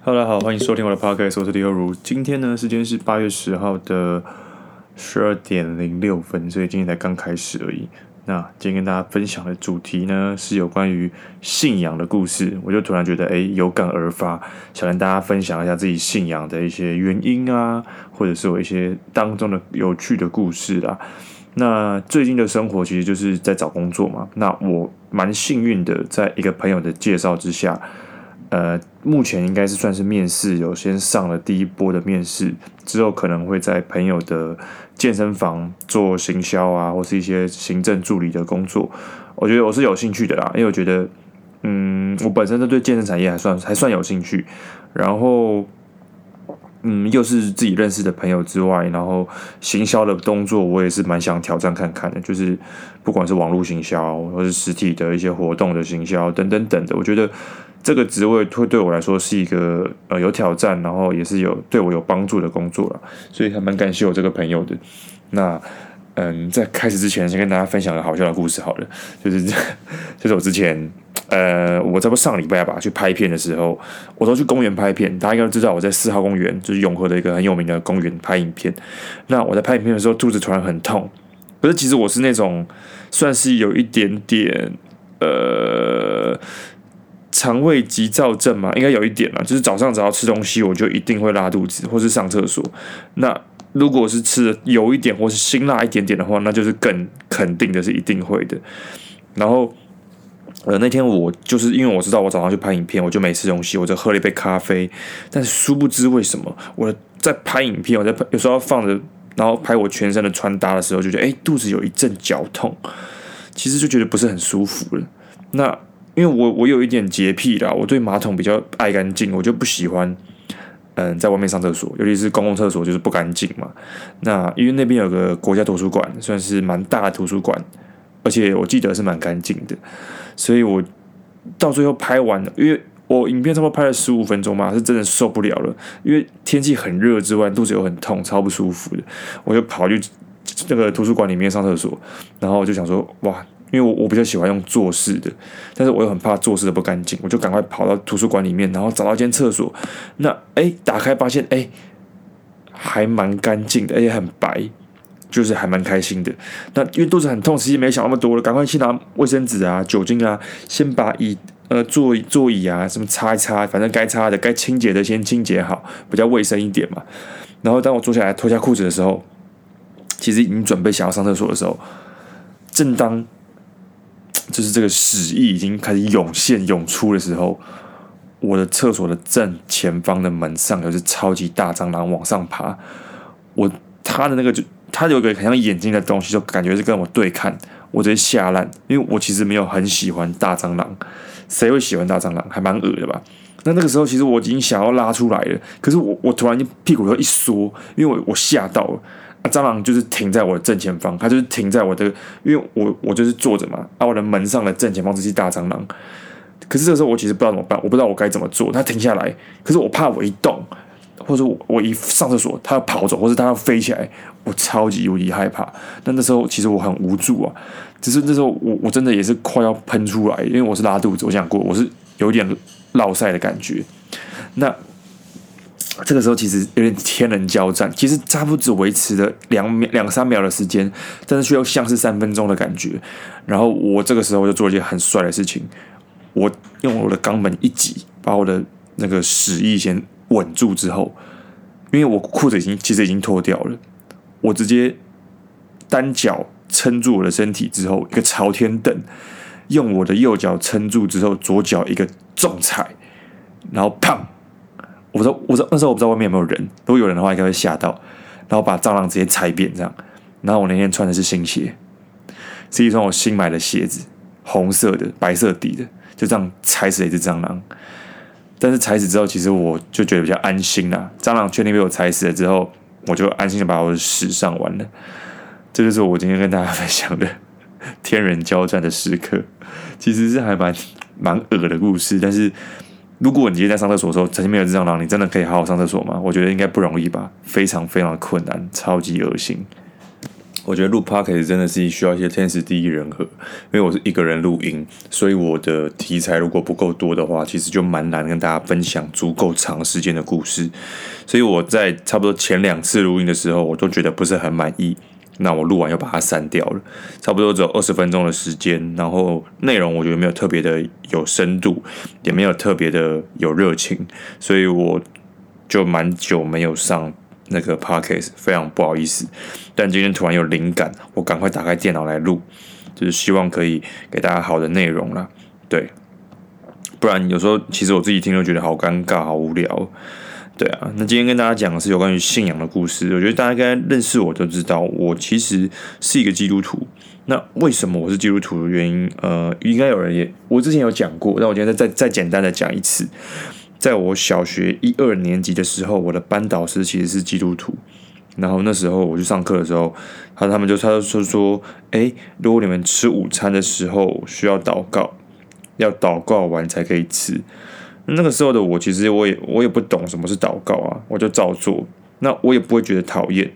Hello，大家好，歡迎收聽我的 podcast，我是李爾儒。今天呢，時間是八月十號的十二點零六分，所以今天才剛開始而已。那今天跟大家分享的主題呢，是有關於信仰的故事。我就突然覺得，哎，有感而發，想跟大家分享一下自己信仰的一些原因啊，或者是有一些當中的有趣的故事啊。那最近的生活其實就是在找工作嘛。那我蠻幸運的，在一個朋友的介紹之下。呃，目前應該是算是面試，有先上了第一波的面試，之後可能會在朋友的健身房做行銷啊，或是一些行政助理的工作。我覺得我是有興趣的啦，因為我覺得，嗯，我本身都對健身產業還算還算有興趣。然後，嗯，又是自己認識的朋友之外，然後行銷的工作我也是蠻想挑戰看看的，就是不管是網絡行銷，或是實體的一些活動的行銷等等等等的，我覺得。這個職位會對我來說是一個呃，有挑戰，然後也是有對我有幫助的工作了，所以還蠻感謝我這個朋友的。那嗯、呃，在開始之前，先跟大家分享個好笑的故事好了，就是這、就是我之前呃，我在不上禮拜吧去拍片的時候，我都去公園拍片，大家應該都知道我在四號公園，就是永和的一個很有名的公園拍影片。那我在拍影片的時候，肚子突然很痛，可是其實我是那種算是有一點點呃。腸胃急躁症嘛，應該有一點了，就是早上只要吃東西，我就一定會拉肚子，或是上廁所。那如果是吃的油一點或是辛辣一點點的話，那就是更肯定的是一定會的。然後，呃，那天我就是因為我知道我早上去拍影片，我就沒吃東西，我就喝了一杯咖啡。但是殊不知為什麼我在拍影片，我在有時候放着，然後拍我全身的穿搭的時候，就覺得誒、欸，肚子有一陣絞痛，其實就覺得不是很舒服了。那。因為我我有一點潔癖啦，我對馬桶比較愛乾淨，我就不喜歡嗯在外面上廁所，尤其是公共廁所就是不乾淨嘛。那因為那邊有個國家圖書館，算是蠻大的圖書館，而且我記得是蠻乾淨的，所以我到最後拍完了，因為我影片差不多拍了十五分鐘嘛，是真的受不了了，因為天氣很熱之外，肚子又很痛，超不舒服的，我就跑去那個圖書館裡面上廁所，然後我就想說，哇。因為我我比較喜歡用坐式的，但是我又很怕坐式的不乾淨，我就趕快跑到圖書館裡面，然後找到一間廁所。那哎、欸，打開發現哎、欸，還蠻乾淨的，而、欸、且很白，就是還蠻開心的。那因為肚子很痛，其實際沒想那麼多了，趕快去拿衛生紙啊、酒精啊，先把椅呃坐座椅啊什麼擦一擦，反正該擦的、該清潔的先清潔好，比較衛生一點嘛。然後當我坐下來脫下褲子的時候，其實已經準備想要上廁所的時候，正當。就是這個屎意已經開始湧現湧出的時候，我的廁所的正前方的門上有只超級大蟑螂往上爬，我他的那個就他有個很像眼睛的東西，就感覺是跟我對看，我直接嚇爛，因為我其實沒有很喜歡大蟑螂，誰會喜歡大蟑螂？還蠻噁的吧？那那個時候其實我已經想要拉出來了，可是我我突然就屁股又一縮，因為我我嚇到了。啊，蟑螂就是停在我的正前方，它就是停在我的，因為我我就是坐着嘛，啊，我的門上的正前方這些大蟑螂。可是這時候我其實不知道怎麼辦，我不知道我該怎麼做。它停下來，可是我怕我一動，或者我，我一上廁所，它要跑走，或者是它要飛起來，我超級無敵害怕。但那時候其實我很無助啊，只是那時候我我真的也是快要噴出來，因為我是拉肚子，我想過我是有點落賽的感覺。那這個時候其實有點天人交戰，其實他不止維持了兩秒、兩三秒的時間，但是卻又像是三分鐘的感覺。然後我這個時候就做一件很帥的事情，我用我的肛門一擠，把我的那個屎意先穩住之後，因為我褲子已經其實已經脫掉了，我直接單腳撐住我的身體之後，一個朝天蹬，用我的右腳撐住之後，左腳一個重踩，然後砰。我說，我說那時候我不知道外面有沒有人，如果有人的話，應該會嚇到，然後把蟑螂直接踩扁這樣。然後我那天穿的是新鞋，是一雙我新買的鞋子，紅色的，白色底的，就這樣踩死了一隻蟑螂。但是踩死之後，其實我就覺得比較安心啦。蟑螂確定被我踩死了之後，我就安心地把我的屎上完了。這就是我今天跟大家分享的天人交戰的時刻，其實是還蠻蠻惡的故事，但是。如果你今天在上廁所的時候曾經沒有這張狼，你真的可以好好上廁所嗎？我覺得應該不容易吧，非常非常困難，超級惡心。我覺得錄 podcast 真的是需要一些天時地利人和，因為我是一個人錄音，所以我的題材如果不夠多的話，其實就蠻難跟大家分享足夠長時間的故事。所以我在差不多前兩次錄音的時候，我都覺得不是很滿意。那我錄完又把它刪掉了，差不多只有二十分鐘的時間，然後內容我覺得沒有特別的有深度，也沒有特別的有熱情，所以我就蠻久沒有上那個 podcast，非常不好意思。但今天突然有靈感，我趕快打開電腦來錄，就是希望可以給大家好的內容啦。對，不然有時候其實我自己聽都覺得好尷尬、好無聊。對啊，那今天跟大家講的是有關於信仰的故事。我覺得大家應該認識我就知道，我其實是一個基督徒。那為什麼我是基督徒的原因，呃，應該有人也我之前有講過，那我今天再再，再簡單的講一次。在我小學一二年級的時候，我的班導師其實是基督徒。然後那時候我去上課的時候，他他們就他就說說，誒，如果你們吃午餐的時候需要禱告，要禱告完才可以吃。那個時候的我，其實我也我也不懂什麼是禱告啊，我就照做。那我也不會覺得討厭。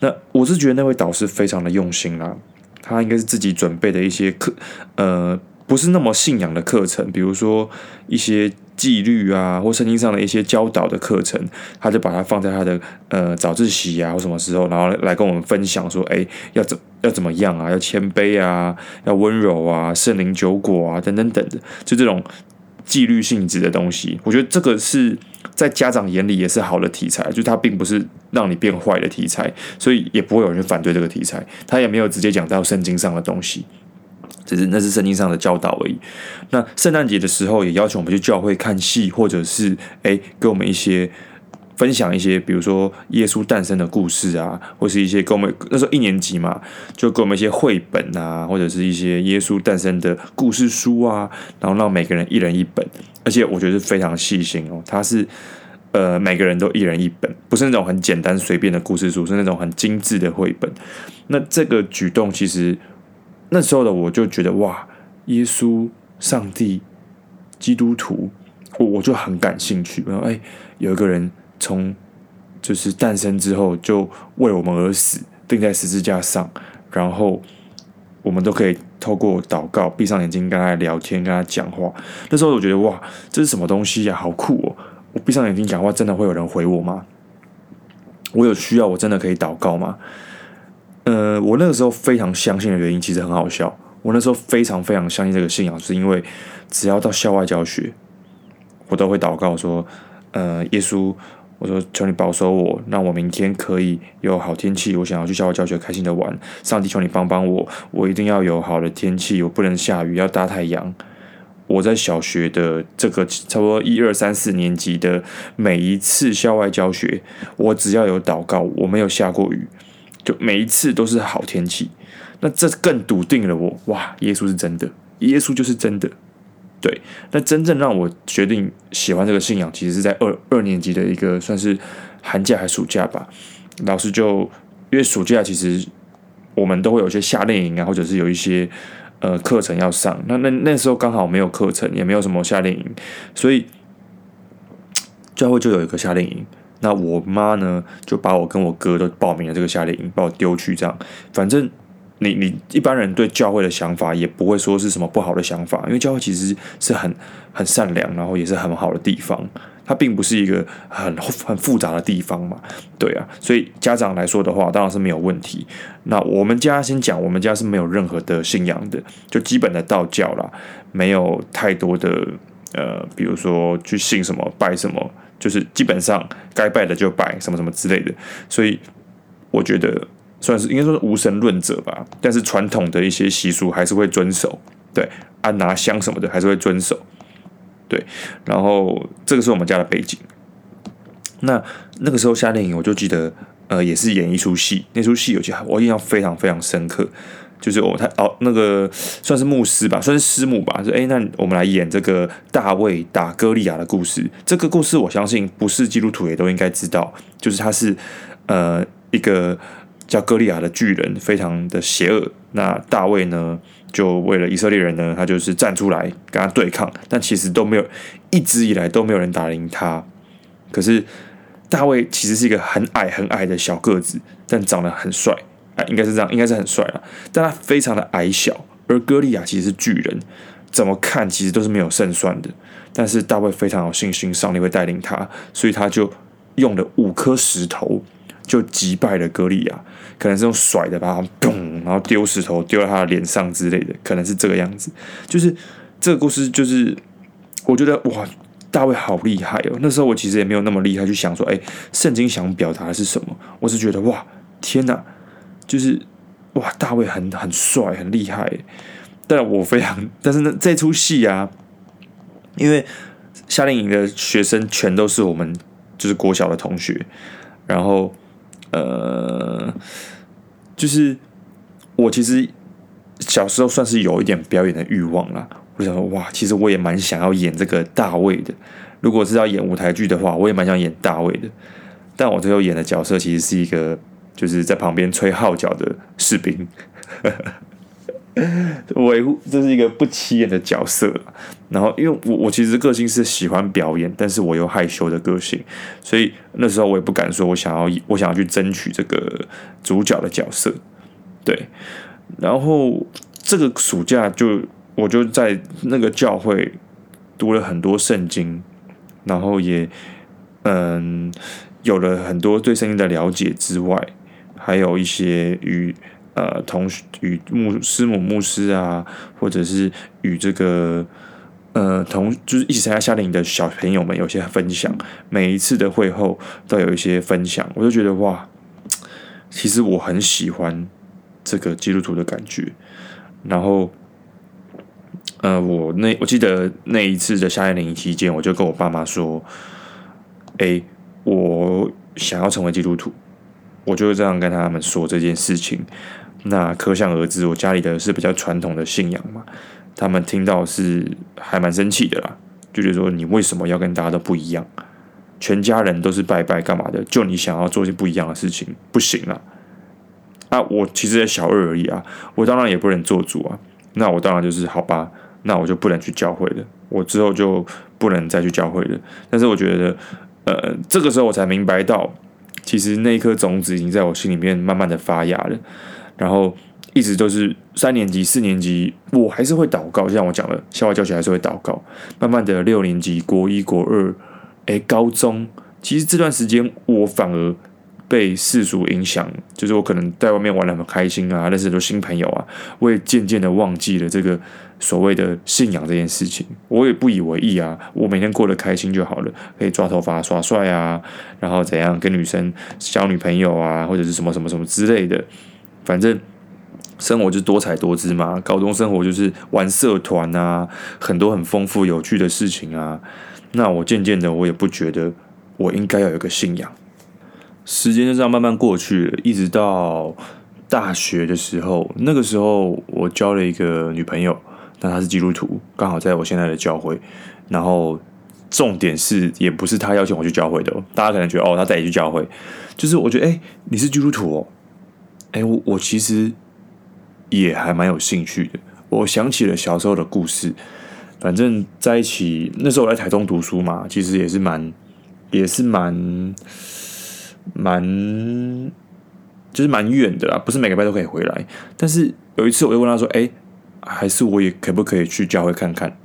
那我是覺得那位導師非常的用心啦，啊，他應該是自己準備的一些課，呃，不是那麼信仰的課程，比如說一些紀律啊，或聖經上的一些教導的課程，他就把它放在他的呃早自習啊或什麼時候，然後來跟我們分享說，誒，要怎要怎麼樣啊，要謙卑啊，要溫柔啊，聖靈九果啊等等等的，就這種。紀律性質的東西，我覺得這個是在家長眼裡也是好的題材，就它並不是讓你變壞的題材，所以也不會有人反對這個題材。他也沒有直接講到聖經上的東西，只是那是聖經上的教導而已。那聖誕節的時候也要求我們去教會看戲，或者是誒、欸、給我們一些。分享一些，比如說耶穌誕生的故事啊，或是一些跟我們那時候一年級嘛，就給我們一些繪本啊，或者是一些耶穌誕生的故事書啊，然後讓每個人一人一本，而且我覺得是非常細心哦，他是呃每個人都一人一本，不是那種很簡單隨便的故事書，是那種很精緻的繪本。那這個舉動其實那時候的我就覺得哇，耶穌、上帝、基督徒，我我就很感興趣。然後哎，有一個人。從就是誕生之後就為我們而死，釘在十字架上，然後我們都可以透過禱告閉上眼睛跟他聊天，跟他講話。那時候我覺得哇，這是什麼東西呀，啊？好酷哦！我閉上眼睛講話，真的會有人回我嗎？我有需要，我真的可以禱告嗎？呃，我那個時候非常相信的原因，其實很好笑。我那時候非常非常相信這個信仰，是因為只要到校外教學，我都會禱告說：“嗯，耶穌。”我說：“求你保守我，讓我明天可以有好天氣。我想要去校外教學，開心的玩。上帝，求你幫幫我，我一定要有好的天氣，我不能下雨，要大太陽。我在小學的這個差不多一二三四年級的每一次校外教學，我只要有禱告，我沒有下過雨，就每一次都是好天氣。那這更篤定了我，哇！耶穌是真的，耶穌就是真的。”對，那真正讓我決定喜歡這個信仰，其實是在二二年級的一個算是寒假還是暑假吧。老師就因為暑假其實我們都會有一些夏令營啊，或者是有一些呃課程要上。那那那時候剛好沒有課程，也沒有什麼夏令營，所以教會就，就有一個夏令營。那我媽呢，就把我跟我哥都報名了這個夏令營，把我丟去這樣，反正。你你一般人對教會的想法也不會說是什麼不好的想法，因為教會其實是很很善良，然後也是很好的地方，它並不是一個很很複雜的地方嘛，對啊，所以家長來說的話，當然是沒有問題。那我們家先講，我們家是沒有任何的信仰的，就基本的道教啦，沒有太多的呃，比如說去信什麼拜什麼，就是基本上該拜的就拜，什麼什麼之類的。所以我覺得。算是應該說是無神論者吧，但是傳統的一些習俗還是會遵守。對，安拿香什麼的還是會遵守。對，然後這個是我們家的背景。那那個時候夏令營，我就記得，呃，也是演一齣戲。那齣戲我記得我印象非常非常深刻，就是我他哦，那個算是牧師吧，算是師母吧。說哎，欸，那我們來演這個大衛打歌利亞的故事。這個故事我相信不是基督徒也都應該知道，就是他是呃一個。叫歌利亞的巨人非常的邪惡，那大衛呢，就為了以色列人呢，他就是站出來跟他對抗，但其實都沒有，一直以來都沒有人打贏他。可是大衛其實是一個很矮很矮的小個子，但長得很帥啊，哎，應該是這樣，應該是很帥啊。但他非常的矮小，而歌利亞其實是巨人，怎麼看其實都是沒有勝算的。但是大衛非常有信心，上帝會帶領他，所以他就用了五顆石頭。就擊敗了歌利亞，可能是用甩的，把他們咚，然後丟石頭丟到他的臉上之類的，可能是這個樣子。就是這個故事，就是我覺得哇，大衛好厲害哦！那時候我其實也沒有那麼厲害，去想說，哎，聖經想表達的是什麼？我是覺得哇，天哪，就是哇，大衛很很帥，很厲害。但我非常，但是呢，這出戲啊，因為夏令營的學生全都是我們就是國小的同學，然後。呃，就是我其實小時候算是有一點表演的慾望啦，我想說，哇，其實我也蠻想要演這個大衛的。如果是要演舞台劇的話，我也蠻想演大衛的。但我最後演的角色其實是一個，就是在旁邊吹號角的士兵。 維 護，這是一個不起眼的角色，然後因為我我其實個性是喜歡表演，但是我又害羞的個性，所以那時候我也不敢說我想要我想要去爭取這個主角的角色，對。然後這個暑假就我就在那個教會讀了很多聖經，然後也嗯有了很多對聖經的了解之外，還有一些與。呃，同與牧師母牧師啊，或者是與這個呃同，就是一起參加夏令營的小朋友們有些分享。每一次的會後都有一些分享，我就覺得哇，其實我很喜歡這個基督徒的感覺。然後，呃，我那我記得那一次的夏令營期間，我就跟我爸媽說：“誒，我想要成為基督徒。”我就是這樣跟他們說這件事情。那可想而知，我家裡的是比較傳統的信仰嘛，他們聽到是還蠻生氣的啦，就覺得說你為什麼要跟大家都不一樣，全家人都是拜拜幹嘛的，就你想要做些不一樣的事情，不行啦。啊，我其實也小二而已啊，我當然也不能做主啊，那我當然就是好吧，那我就不能去教會了，我之後就不能再去教會了。但是我覺得，呃，這個時候我才明白到，其實那一顆種子已經在我心裡面慢慢的發芽了。然後一直都是三年級、四年級，我還是會禱告，就像我講的，校外教學還是會禱告。慢慢的，六年級、國一、國二，哎，高中，其實這段時間我反而被世俗影響，就是我可能在外面玩得很開心啊，認識很多新朋友啊，我也漸漸的忘記了這個所謂的信仰這件事情，我也不以為意啊，我每天過得開心就好了，可以抓頭髮、耍帥啊，然後怎樣跟女生交女朋友啊，或者是什麼什麼什麼之類的。反正生活就是多彩多姿嘛，高中生活就是玩社團啊，很多很豐富有趣的事情啊。那我漸漸的，我也不覺得我應該要有個信仰。時間就這樣慢慢過去了，一直到大學的時候，那個時候我交了一個女朋友，但她是基督徒，剛好在我現在的教會。然後重點是，也不是她邀請我去教會的，大家可能覺得哦，她帶你去教會，就是我覺得欸，你是基督徒哦。哎、欸，我我其實也還蠻有興趣的。我想起了小時候的故事，反正在一起那時候我在台中讀書嘛，其實也是蠻也是蠻蠻就是蠻遠的啦，不是每個班都可以回來。但是有一次我就問他說：“哎、欸，還是我也可不可以去教會看看？”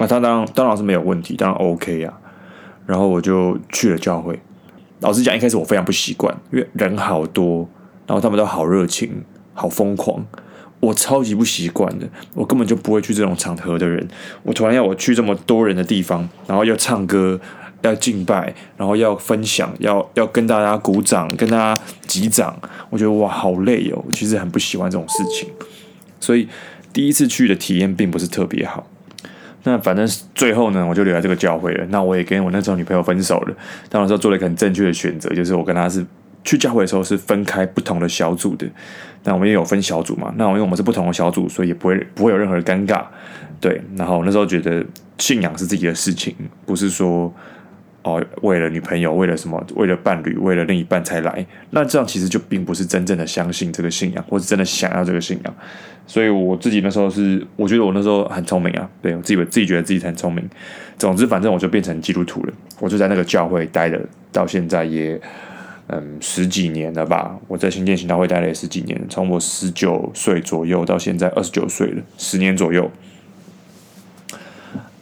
那、啊、他當然當然是沒有問題，當然 OK 啊。然後我就去了教會。老實講，一開始我非常不習慣，因為人好多。然後他們都好熱情，好瘋狂，我超級不習慣的，我根本就不會去這種場合的人，我突然要我去這麼多人的地方，然後要唱歌，要敬拜，然後要分享，要要跟大家鼓掌，跟大家擊掌，我覺得哇，好累哦，其實很不喜歡這種事情，所以第一次去的體驗並不是特別好。那反正最後呢，我就留在這個教會了，那我也跟我那時候女朋友分手了，但我說做了一個很正確的選擇，就是我跟她是。去教會的時候是分開不同的小組的，那我們也有分小組嘛。那因為我們是不同的小組，所以也不會不會有任何的尷尬。對，然後那時候覺得信仰是自己的事情，不是說哦為了女朋友、為了什麼、為了伴侶、為了另一半才來。那這樣其實就並不是真正的相信這個信仰，或是真的想要這個信仰。所以我自己那時候是我覺得我那時候很聰明啊，對我自己我自己覺得自己很聰明。總之，反正我就變成基督徒了。我就在那個教會待了到現在也嗯，十幾年了吧？我在新建行道會待了也十幾年，從我十九歲左右到現在二十九歲了，十年左右。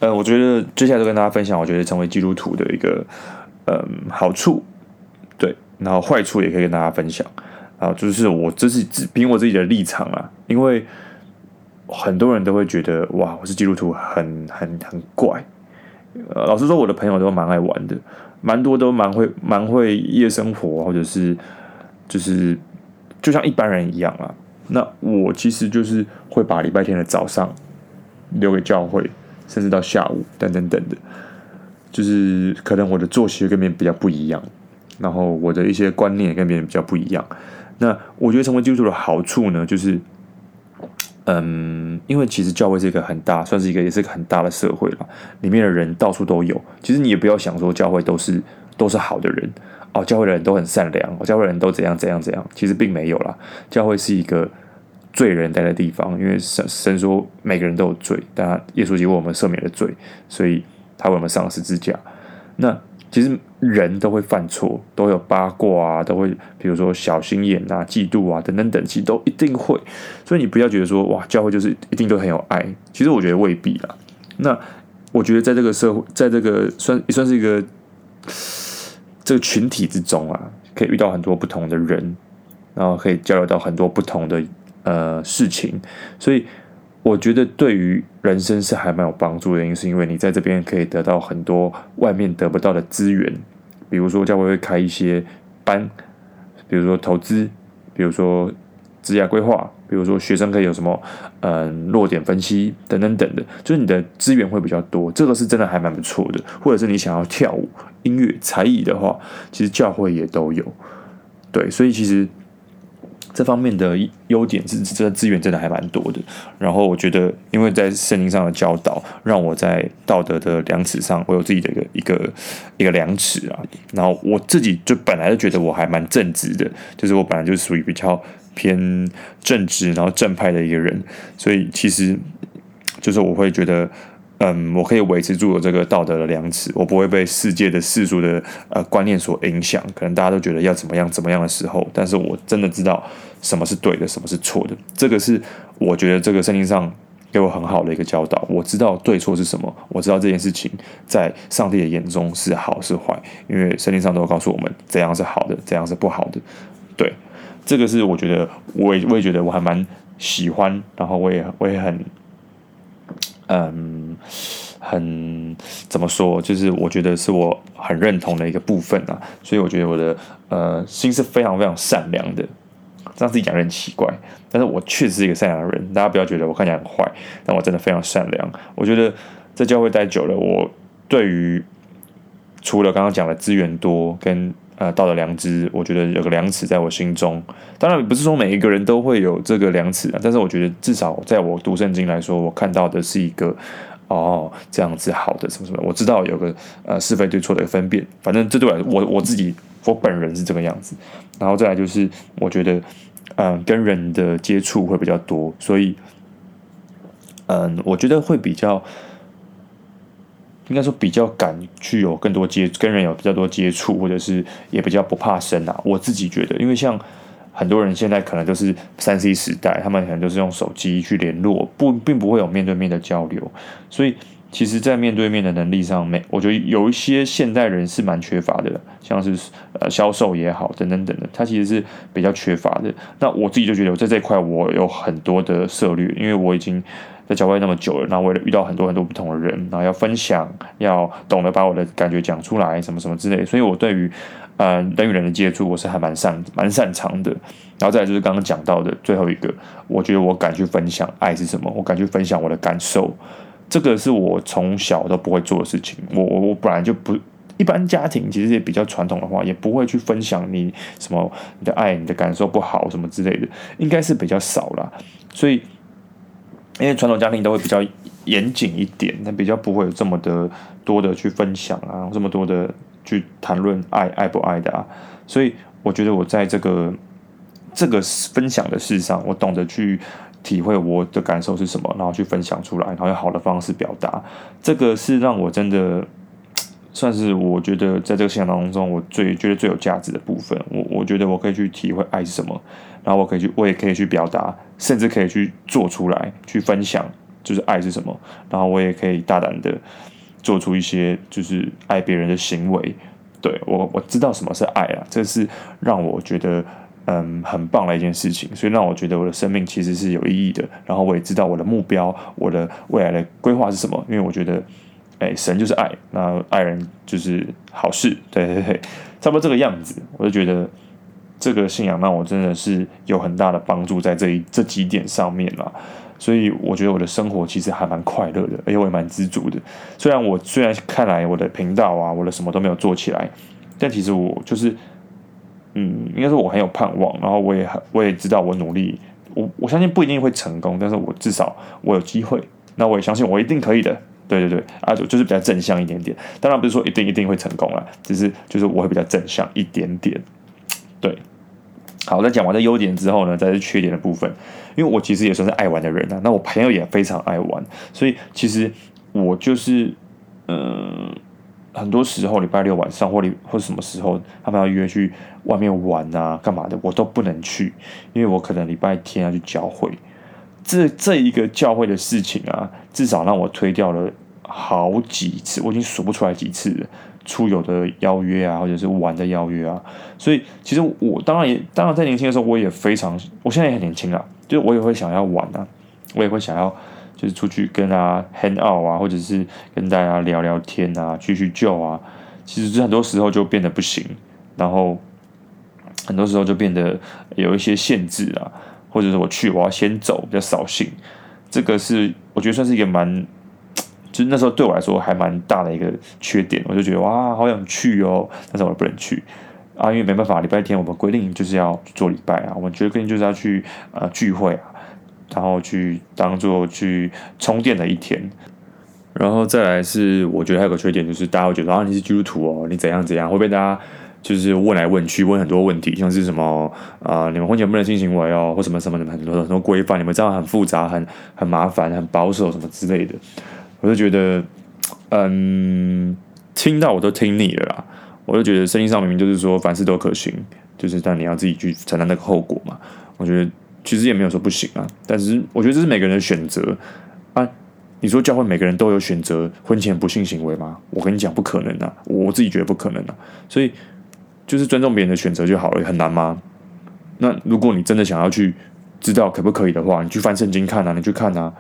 呃、嗯，我覺得接下來就跟大家分享，我覺得成為基督徒的一個嗯好處，對，然後壞處也可以跟大家分享啊。然後就是我這是憑我自己的立場啊，因為很多人都會覺得哇，我是基督徒很很很怪，呃。老實說，我的朋友都蠻愛玩的。蠻多都蠻會蠻會夜生活，或者是就是就像一般人一樣啊。那我其實就是會把禮拜天的早上留給教會，甚至到下午等等等等的，就是可能我的作息跟別人比較不一樣，然後我的一些觀念跟別人比較不一樣。那我覺得成為基督徒的好處呢，就是。嗯，因為其實教會是一個很大，算是一個也是個很大的社會啦。裡面的人到處都有，其實你也不要想說教會都是都是好的人哦，教會的人都很善良、哦，教會的人都怎樣怎樣怎樣，其實並沒有啦。教會是一個罪人待的地方，因為神，神說每個人都有罪，但耶穌基督為我們赦免了罪，所以他為我們上了十字架。那其實人都會犯錯，都有八卦啊，都會，比如說小心眼啊、嫉妒啊等等等，其實都一定會。所以你不要覺得說，哇，教會就是一定都很有愛。其實我覺得未必啊。那我覺得在這個社會，在這個算也算是一個這個群體之中啊，可以遇到很多不同的人，然後可以交流到很多不同的呃事情，所以。我覺得對於人生是還蠻有幫助的，原因是因為你在這邊可以得到很多外面得不到的資源，比如說教會會開一些班，比如說投資，比如說職業規劃，比如說學生可以有什麼嗯落點分析等等等的，就是你的資源會比較多，這個是真的還蠻不錯的。或者是你想要跳舞、音樂、才藝的話，其實教會也都有。對，所以其實。這方面的優點是，這資源真的還蠻多的。然後我覺得，因為在聖經上的教導，讓我在道德的量尺上，我有自己的一個一個一個量尺啊。然後我自己就本來就覺得我還蠻正直的，就是我本來就屬於比較偏正直，然後正派的一個人。所以其實就是我會覺得。嗯，我可以維持住這個道德的良知，我不會被世界的世俗的呃觀念所影響。可能大家都覺得要怎麼樣怎麼樣的時候，但是我真的知道什麼是對的，什麼是錯的。這個是我覺得這個聖經上給我很好的一個教導。我知道對錯是什麼，我知道這件事情在上帝的眼中是好是壞，因為聖經上都會告訴我們怎樣是好的，怎樣是不好的。對，這個是我覺得我也我也覺得我還蠻喜歡，然後我也我也很。嗯，很怎麼說，就是我覺得是我很認同的一個部分啊，所以我覺得我的呃心是非常非常善良的，這樣子講很奇怪，但是我確實是一個善良的人，大家不要覺得我看起來很壞，但我真的非常善良。我覺得在教會待久了，我對於除了剛剛講的資源多跟。呃，道德良知，我覺得有個量尺在我心中。當然不是說每一個人都會有這個量尺，但是我覺得至少在我讀聖經來說，我看到的是一個哦這樣子好的什麼什麼，我知道有個呃是非對錯的分辨。反正這對我來我我自己我本人是這個樣子。然後再來就是，我覺得嗯、呃、跟人的接觸會比較多，所以嗯、呃、我覺得會比較。應該說比較敢去有更多接觸，跟人有比較多接觸，或者是也比較不怕生啊。我自己覺得，因為像很多人現在可能就是三 C 時代，他們可能就是用手機去聯絡，不並不會有面對面的交流。所以，其實，在面對面的能力上面，我覺得有一些現代人是蠻缺乏的，像是呃銷售也好，等等等的，他其實是比較缺乏的。那我自己就覺得，在這一塊我有很多的涉獵，因為我已經。在教會那麼久了，那我也遇到很多很多不同的人，然後要分享，要懂得把我的感覺講出來，什麼什麼之類的。所以我對於，呃，人與人的接觸，我是還蠻善蠻擅長的。然後再來就是剛剛講到的最後一個，我覺得我敢去分享愛是什麼，我敢去分享我的感受，這個是我從小都不會做的事情。我我我本來就不，一般家庭其實也比較傳統的話，也不會去分享你什麼你的愛，你的感受不好什麼之類的，應該是比較少啦。所以。因為傳統家庭都會比較嚴謹一點，但比較不會有這麼的多的去分享啊，這麼多的去談論愛愛不愛的啊，所以我覺得我在這個這個分享的事上，我懂得去體會我的感受是什麼，然後去分享出來，然後用好的方式表達，這個是讓我真的。算是我覺得在這個信仰當中，我最覺得最有價值的部分。我我覺得我可以去體會愛是什麼，然後我可以去，我也可以去表達，甚至可以去做出來去分享，就是愛是什麼。然後我也可以大膽的做出一些就是愛別人的行為。對，我我知道什麼是愛了，這是讓我覺得嗯很棒的一件事情。所以讓我覺得我的生命其實是有意義的。然後我也知道我的目標，我的未來的規劃是什麼。因為我覺得。愛神就是愛，那愛人就是好事，對對對，差不多這個樣子。我就覺得這個信仰讓我真的是有很大的幫助，在這一這幾點上面啦。所以我覺得我的生活其實還蠻快樂的，而且我也蠻知足的。雖然我雖然看來我的頻道啊，我的什麼都沒有做起來，但其實我就是，嗯，應該說我很有盼望，然後我也我也知道我努力，我我相信不一定會成功，但是我至少我有機會。那我也相信我一定可以的。對對對，啊就就是比較正向一點點，當然不是說一定一定會成功啦，只是就是我會比較正向一點點。對，好，在講完這優點之後呢，再是缺點的部分，因為我其實也算是愛玩的人啊，那我朋友也非常愛玩，所以其實我就是，嗯、呃，很多時候禮拜六晚上或者或什麼時候他們要約去外面玩啊、幹嘛的，我都不能去，因為我可能禮拜天要去教會。這這一個教會的事情啊，至少讓我推掉了好幾次，我已經數不出來幾次出遊的邀約啊，或者是玩的邀約啊，所以其實我當然也當然在年輕的時候，我也非常，我現在也很年輕啊，就是我也會想要玩啊，我也會想要就是出去跟大家 hang out 啊，或者是跟大家聊聊天啊，敘敘舊啊。其實很多時候就變得不行，然後很多時候就變得有一些限制啊。或者是我去，我要先走，比較掃興。這個是我覺得算是一個蠻，就是那時候對我來說還蠻大的一個缺點。我就覺得哇，好想去哦，但是我又不能去啊，因為沒辦法，禮拜天我們規定就是要做禮拜啊，我們決定就是要去，呃、聚會啊，然後去當做去充電的一天。然後再來是，我覺得還有個缺點就是大家會覺得啊，你是基督徒哦，你怎樣怎樣，會被大家。就是問來問去，問很多問題，像是什麼啊、呃，你們婚前不能性行為哦，或什麼什麼什麼很多很多規範，你們這樣很複雜、很很麻煩、很保守什麼之類的，我就覺得，嗯，聽到我都聽膩了啦。我就覺得聖經上明明就是說凡事都可行，就是但你要自己去承擔那個後果嘛。我覺得其實也沒有說不行啊，但是我覺得這是每個人的選擇啊。你說教會每個人都有選擇婚前不性行為嗎？我跟你講不可能的、啊，我自己覺得不可能的、啊，所以。就是尊重別人的選擇就好了，很難嗎？那如果你真的想要去知道可不可以的話，你去翻聖經看啊，你去看啊，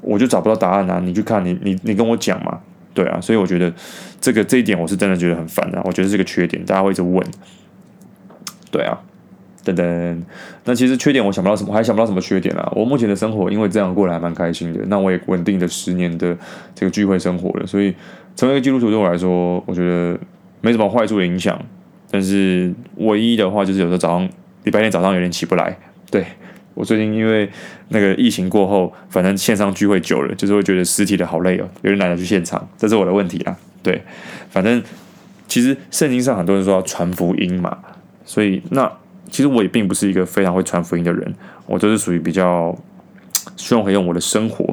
我就找不到答案啊。你去看，你你你跟我講嘛，對啊。所以我覺得這個這一點我是真的覺得很煩啊。我覺得是個缺點，大家會一直問。對啊，等等。那其實缺點我想不到什麼，我還想不到什麼缺點啊。我目前的生活因為這樣過得還蠻開心的，那我也穩定了十年的這個聚會生活了，所以成為一個基督徒對我來說，我覺得沒什麼壞處的影響。但是唯一的話，就是有時候早上禮拜天早上有點起不來。對，我最近因為那個疫情過後，反正線上聚會久了，就是會覺得實體的好累哦，有點懶得去現場。這是我的問題啦。對，反正其實聖經上很多人說要傳福音嘛，所以那其實我也並不是一個非常會傳福音的人，我就是屬於比較希望可以用我的生活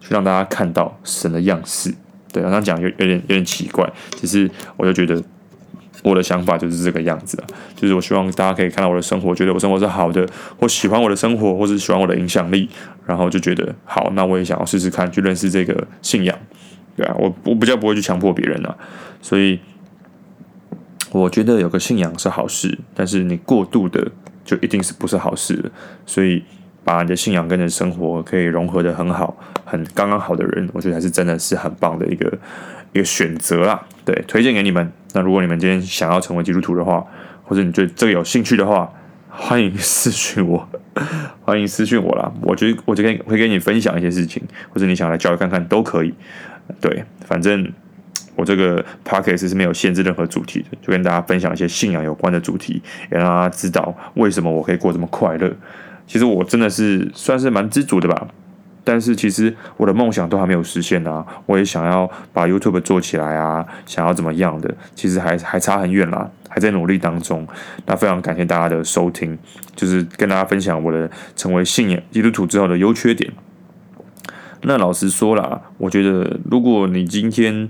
去讓大家看到神的樣式。對，我剛講有有點有點奇怪，只是我就覺得。我的想法就是這個樣子，就是我希望大家可以看到我的生活，覺得我生活是好的，或喜歡我的生活，或是喜歡我的影響力，然後就覺得好，那我也想要試試看去認識這個信仰。對啊，我我比較不會去強迫別人啊，所以我覺得有個信仰是好事，但是你過度的就一定是不是好事了，所以把你的信仰跟你的生活可以融合得很好、很剛剛好的人，我覺得還是真的是很棒的一個一個選擇啦。對，推薦給你們。那如果你們今天想要成為基督徒的話，或者你對這個有興趣的話，歡迎私訊我，歡迎私訊我啦，我覺我就跟會跟你分享一些事情，或者你想來教會看看都可以。對，反正我這個 podcast 是沒有限制任何主題的，就跟大家分享一些信仰有關的主題，也讓大家知道為什麼我可以過這麼快樂。其實我真的是算是蠻知足的吧。但是其實我的夢想都還沒有實現啊，我也想要把 YouTube 做起來啊，想要怎麼樣的，其實還還差很遠啦，還在努力當中。那非常感謝大家的收聽，就是跟大家分享我的成為信仰基督徒之後的優缺點。那老實說啦，我覺得如果你今天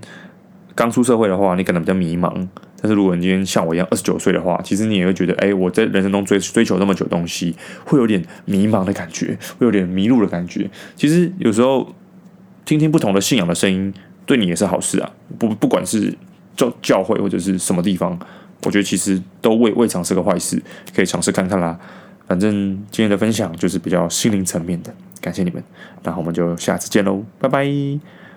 剛出社會的話，你可能比較迷茫。但是，如果你今天像我一樣二十九歲的話，其實你也會覺得，哎，我在人生中追追求那麼久東西，會有點迷茫的感覺，會有點迷路的感覺。其實有時候聽聽不同的信仰的聲音，對你也是好事啊。不不管是教教會或者是什麼地方，我覺得其實都未未嘗是個壞事，可以嘗試看看啦。反正今天的分享就是比較心靈層面的，感謝你們，那我們就下次見嘍，拜拜！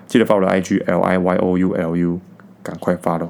記得發我的 I G，L I Y O U L U，趕快發嘍。